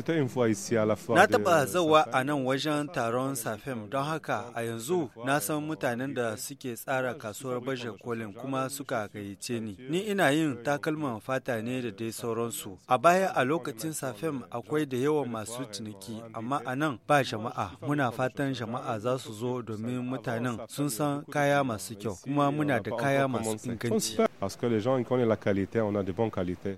ji ta influence la Na taɓa zawa a nan wajen taron Safem don haka a yanzu na san mutanen da suke tsara kasuwar baje kolin kuma suka gayyace ni. Ni ina yin takalman fata ne da dai sauransu. A baya a lokacin Safem akwai da yawan masu ciniki amma a nan ba jama'a. Muna fatan jama'a za su zo domin mutanen sun san kaya masu kyau kuma muna da kaya masu inganci. Parce que les gens connaissent la qualité, on a de bonnes qualités.